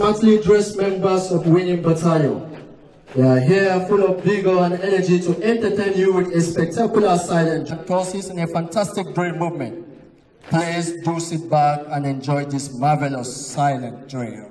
smartly dressed members of winning battalion. They are here full of vigor and energy to entertain you with a spectacular silent process and a fantastic drill movement. Please do sit back and enjoy this marvelous silent drill.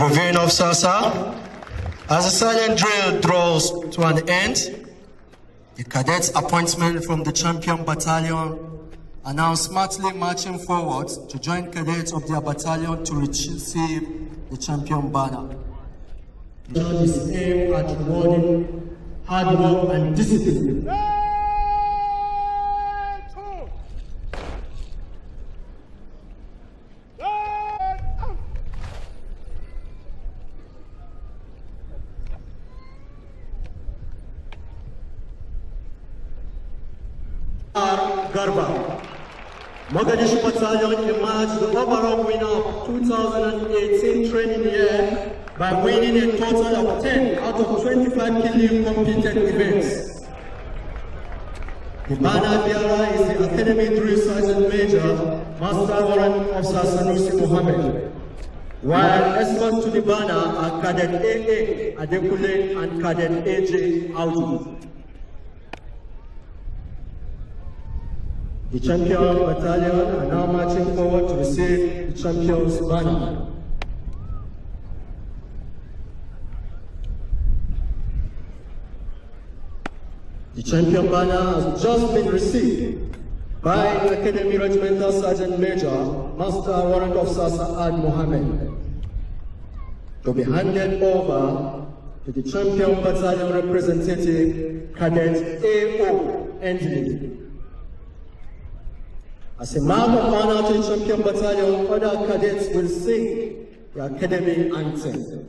Reverend of Sasa. as the silent drill draws to an end, the cadets' appointment from the champion battalion are now smartly marching forward to join cadets of their battalion to receive the champion banner. The is at rewarding hard work and discipline. Garba. Mogadishu Battalion emerged the overall winner of 2018 training year by winning a total of 10 out of 25 killing competed events. The banner is the Academy Drill Sergeant Major, Master Warrant Officer Sanusi Mohammed. While escorts to the are Cadet AA Adekule and Cadet AJ Audu. The Champion Battalion are now marching forward to receive the Champion's banner. The Champion banner has just been received by Academy Regimental Sergeant Major, Master Warrant Officer Saad Mohammed, to be handed over to the Champion Battalion Representative Cadet A.O. Engineer. As a mark of honor to champion battalion, other cadets will sing the academy anthem.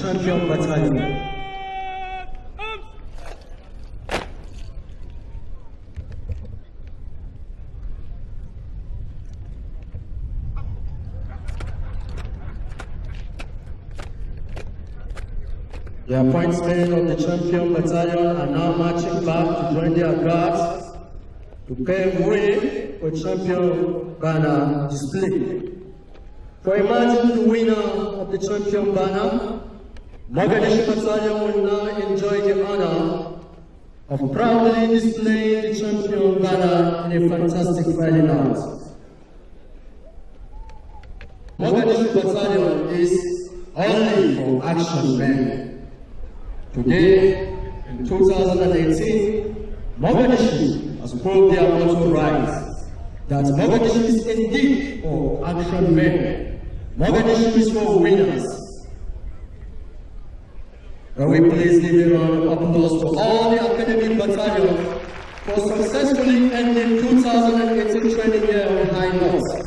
champion battalion. The appointsmen of the champion battalion are now marching back to join their guards to pave way for champion banner display. For imagine the winner of the champion banner Mogadishu Battalion will now enjoy the honor of proudly displaying the champion banner in a fantastic Friday night. Mogadishu Battalion is only for action men. Today, in 2018, Mogadishu has proved their motto right, that Mogadishu is indeed for action men. Mogadishu is for winners. And we please give a round of applause to all the Academy Battalion for successfully ending 2018 training year on high notes.